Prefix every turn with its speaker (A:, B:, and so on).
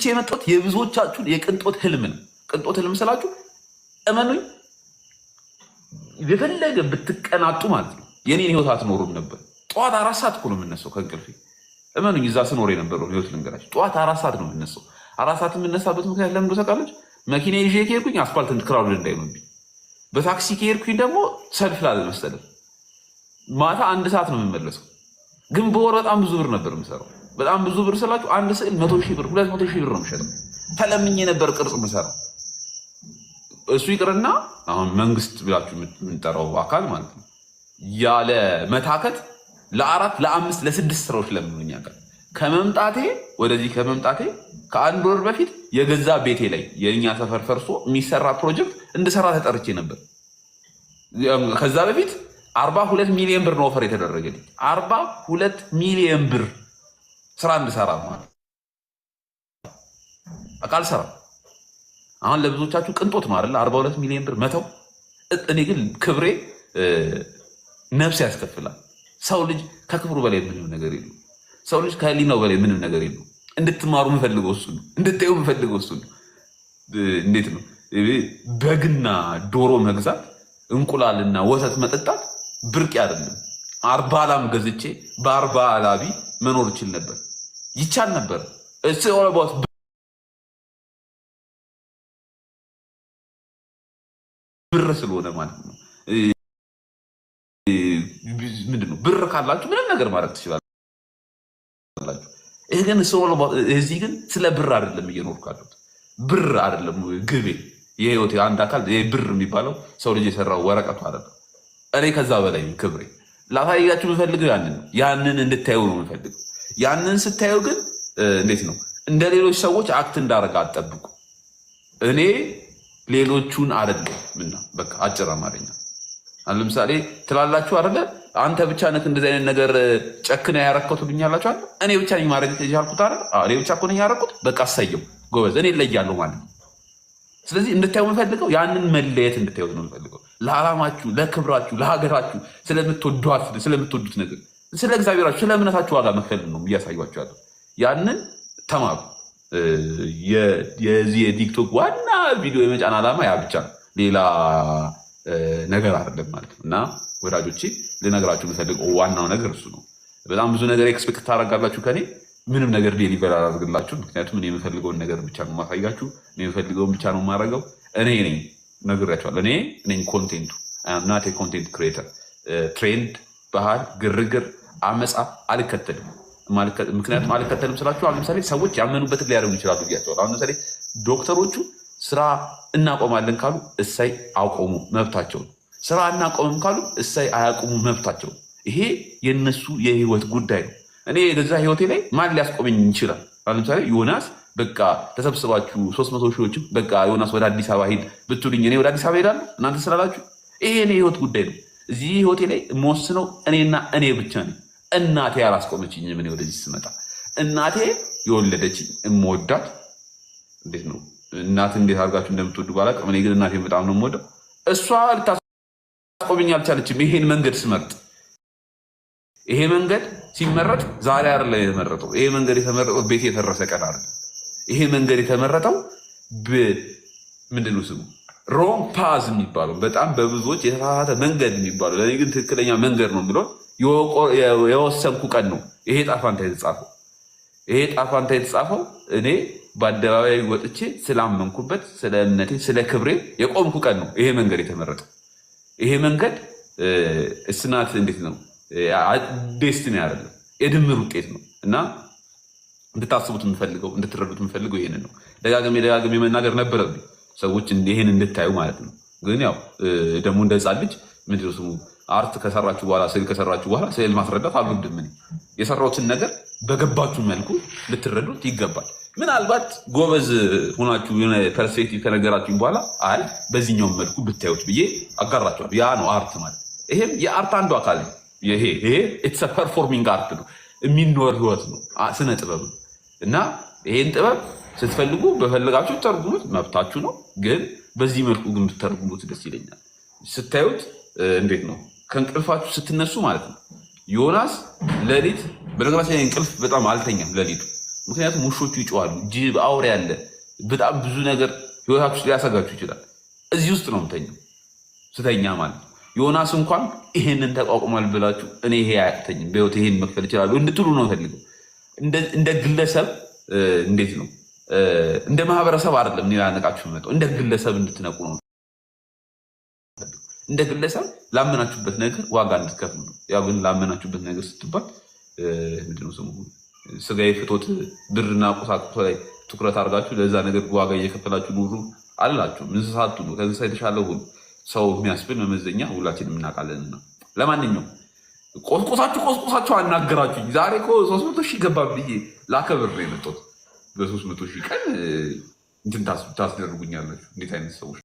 A: ትቼ የመጣሁት የብዙዎቻችሁን የቅንጦት ህልም ነው። ቅንጦት ህልም ስላችሁ እመኑኝ፣ የፈለገ ብትቀናጡ ማለት ነው የኔን ህይወት አትኖሩም ነበር። ጠዋት አራት ሰዓት እኮ ነው የምነሳው ከእንቅልፌ። እመኑኝ፣ እዛ ስኖር የነበረው ህይወት ልንገራችሁ። ጠዋት አራት ሰዓት ነው የምነሳው። አራት ሰዓት የምነሳበት ምክንያት ለምን ሰቃለች? መኪና ይዤ ከሄድኩኝ አስፋልት ክራውድ እንዳይሆንብኝ፣ በታክሲ ከሄድኩኝ ደግሞ ሰልፍ ላለመሰለፍ። ማታ አንድ ሰዓት ነው የምመለሰው፣ ግን በወር በጣም ብዙ ብር ነበር የምሰራው በጣም ብዙ ብር ስላችሁ አንድ ስዕል መቶ ሺህ ብር ሁለት መቶ ሺህ ብር ነው የሚሸጠው። ተለምኝ የነበር ቅርጽ ምሰራው እሱ ይቅርና አሁን መንግስት ብላችሁ የምንጠራው አካል ማለት ነው ያለ መታከት ለአራት ለአምስት ለስድስት ስራዎች ለምኖኛ ከመምጣቴ ወደዚህ ከመምጣቴ ከአንድ ወር በፊት የገዛ ቤቴ ላይ የእኛ ሰፈር ፈርሶ የሚሰራ ፕሮጀክት እንድሰራ ተጠርቼ ነበር። ከዛ በፊት አርባ ሁለት ሚሊዮን ብር ነው ወፈር የተደረገልኝ አርባ ሁለት ሚሊዮን ብር ስራ እንድሰራ አቃል ሰራ አሁን ለብዙዎቻችሁ ቅንጦት ነው አይደል? አርባ ሁለት ሚሊዮን ብር መተው። እኔ ግን ክብሬ ነፍስ ያስከፍላል። ሰው ልጅ ከክብሩ በላይ ምንም ነገር የለም። ሰው ልጅ ከህሊናው በላይ ምንም ነገር የለም። እንድትማሩ የምፈልገው እሱ ነው። እንድታዩ የምፈልገው እሱ ነው። እንዴት ነው በግና ዶሮ መግዛት እንቁላልና ወተት መጠጣት ብርቅ አይደለም። አርባ አላም ገዝቼ በአርባ አላቢ መኖር ይችል ነበር፣ ይቻል ነበር። ብር ስለሆነ ማለት ነው። ምንድን ነው ብር ካላችሁ ምንም ነገር ማድረግ ትችላላችሁ። ይህ ግን እዚህ ግን ስለ ብር አይደለም እየኖር ካሉት ብር አይደለም ግቤ የህይወት አንድ አካል ብር የሚባለው ሰው ልጅ የሰራው ወረቀቱ አይደለም። እኔ ከዛ በላይ ክብሬ ላሳያችሁ የምፈልገው ያንን ነው። ያንን እንድታዩ ነው የምፈልገው። ያንን ስታዩ ግን እንዴት ነው እንደ ሌሎች ሰዎች አክት እንዳደረገ አትጠብቁ። እኔ ሌሎቹን አይደለም ምና በቃ አጭር አማርኛ ለምሳሌ ትላላችሁ አይደለ? አንተ ብቻ ነህ እንደዚህ አይነት ነገር ጨክነ ያረከቱ ብኛላችሁ አለ። እኔ ብቻ ነኝ ማድረግ የቻልኩት አይደል? እኔ ብቻ እኮ ነኝ ያረኩት። በቃ አሳየው ጎበዝ፣ እኔ እለያለሁ ማለት ነው። ስለዚህ እንድታዩ የምፈልገው ያንን መለየት እንድታዩት ነው የምፈልገው። ለዓላማችሁ፣ ለክብራችሁ፣ ለሀገራችሁ ስለምትወዱት ስለምትወዱት ነገር ስለ እግዚአብሔራችሁ ስለ እምነታችሁ ዋጋ መክፈል ነው እያሳዩአችሁ ያለው። ያንን ተማሩ። የዚህ የቲክቶክ ዋና ቪዲዮ የመጫን ዓላማ ያ ብቻ ነው፣ ሌላ ነገር አይደለም ማለት ነው። እና ወዳጆቼ ልነግራችሁ የምፈልገው ዋናው ነገር እሱ ነው። በጣም ብዙ ነገር ኤክስፔክት ታደርጋላችሁ ከኔ ምንም ነገር ዴሊቨር አላደርግላችሁ። ምክንያቱም እኔ የምፈልገውን ነገር ብቻ ነው ማሳያችሁ እኔ የምፈልገውን ብቻ ነው የማደርገው እኔ ነኝ። ነግሬያቸዋለሁ። እኔ እኔም ኮንቴንቱ ናት የኮንቴንት ክሬተር ትሬንድ፣ ባህል፣ ግርግር፣ አመፃ አልከተልም። ምክንያቱም አልከተልም ስላችሁ አሁን ለምሳሌ ሰዎች ያመኑበት ሊያደርጉ ይችላሉ ብያቸዋለሁ። አሁን ለምሳሌ ዶክተሮቹ ስራ እናቆማለን ካሉ እሳይ አቆሙ፣ መብታቸው ነው። ስራ እናቆምም ካሉ እሳይ አያቆሙ፣ መብታቸው ነው። ይሄ የእነሱ የህይወት ጉዳይ ነው። እኔ የገዛ ህይወቴ ላይ ማን ሊያስቆመኝ ይችላል? ለምሳሌ ዮናስ በቃ ተሰብስባችሁ ሶስት መቶ ሺዎችም በቃ ዮናስ ወደ አዲስ አበባ ሂድ ብትሉኝ እኔ ወደ አዲስ አበባ ሄዳለሁ እናንተ ስላላችሁ? ይሄ እኔ ህይወት ጉዳይ ነው። እዚህ ህይወቴ ላይ የምወስነው እኔና እኔ ብቻ ነው። እናቴ አላስቆመችኝ ምን ወደዚህ ስመጣ እናቴ የወለደችኝ የምወዳት እንዴት ነው እናት እንዴት አድርጋችሁ እንደምትወዱ ባላቅ እኔ ግን እናቴ በጣም ነው የምወደው። እሷ ልታስቆመኝ አልቻለችም። ይሄን መንገድ ስመርጥ ይሄ መንገድ ሲመረጥ ዛሬ አይደለ የተመረጠው። ይሄ መንገድ የተመረጠው ቤት የፈረሰ ቀን ይሄ መንገድ የተመረጠው ምንድን ነው ስሙ ሮንግ ፓዝ የሚባለው በጣም በብዙዎች የተሳሳተ መንገድ የሚባለው ለእኔ ግን ትክክለኛ መንገድ ነው የሚለው የወሰንኩ ቀን ነው። ይሄ ጣፋንታ የተጻፈው ይሄ ጣፋንታ የተጻፈው እኔ በአደባባይ ወጥቼ ስላመንኩበት፣ ስለ እምነቴ፣ ስለ ክብሬ የቆምኩ ቀን ነው ይሄ መንገድ የተመረጠው። ይሄ መንገድ እስናት እንዴት ነው ዴስቲኒ አይደለም የድምር ውጤት ነው እና እንድታስቡት የምፈልገው እንድትረዱት የምፈልገው ይህንን ነው። ደጋግሜ ደጋግሜ መናገር ነበረብኝ ሰዎች ይህን እንድታዩ ማለት ነው። ግን ያው ደግሞ እንደ ሕፃን ልጅ ምንድነው ስሙ አርት ከሰራችሁ በኋላ ስዕል ከሰራችሁ በኋላ ስዕል ማስረዳት አልወድም። የሰራውትን የሰራሁትን ነገር በገባችሁ መልኩ ልትረዱት ይገባል። ምናልባት ጎበዝ ሆናችሁ የሆነ ፐርስፔክቲቭ ከነገራችሁ በኋላ አይ በዚህኛውም መልኩ ብታዩት ብዬ አጋራችኋል። ያ ነው አርት ማለት። ይሄም የአርት አንዱ አካል ነው። ይሄ ኢትስ ፐርፎርሚንግ አርት ነው። የሚኖር ህይወት ነው ስነ ጥበብ እና ይሄን ጥበብ ስትፈልጉ በፈለጋችሁ ተርጉሙት፣ መብታችሁ ነው። ግን በዚህ መልኩ ግን ብተርጉሙት ደስ ይለኛል። ስታዩት እንዴት ነው ከእንቅልፋችሁ ስትነሱ ማለት ነው። ዮናስ ሌሊት በነገራችን ላይ እንቅልፍ በጣም አልተኛም ሌሊቱ፣ ምክንያቱም ውሾቹ ይጮዋሉ፣ ጅብ፣ አውሬ ያለ በጣም ብዙ ነገር ህይወታችሁ ሊያሰጋችሁ ይችላል። እዚህ ውስጥ ነው የምተኛው ስተኛ ማለት ነው። ዮናስ እንኳን ይሄንን ተቋቁሟል ብላችሁ እኔ ይሄ አያቅተኝም በሕይወት ይሄን መክፈል ይችላሉ እንድትሉ ነው ፈልገው። እንደ ግለሰብ እንዴት ነው እንደ ማህበረሰብ አይደለም እኔ ላነቃችሁ መጠው እንደ ግለሰብ እንድትነቁ ነው እንደ ግለሰብ ላመናችሁበት ነገር ዋጋ እንድትከፍሉ ነው። ያው ግን ላመናችሁበት ነገር ስትባል ምንድን ስሙ ስጋዊ ፍቶት ብርና ቁሳቁስ ላይ ትኩረት አድርጋችሁ ለዛ ነገር ዋጋ እየከፈላችሁ ኑሩ አላችሁም። እንስሳቱ ነው ከእንስሳ የተሻለ ሁኑ። ሰው የሚያስብል መመዘኛ ሁላችንም እናውቃለን ነው። ለማንኛውም ቆስቆሳችሁ ቆስቆሳችሁ አናገራችሁኝ። ዛሬ እኮ ሶስት መቶ ሺህ ገባ ብዬ ላከብር ነው የመጣሁት። በሶስት መቶ ሺህ ቀን እንትን ታስደርጉኛላችሁ። እንዴት አይነት ሰዎች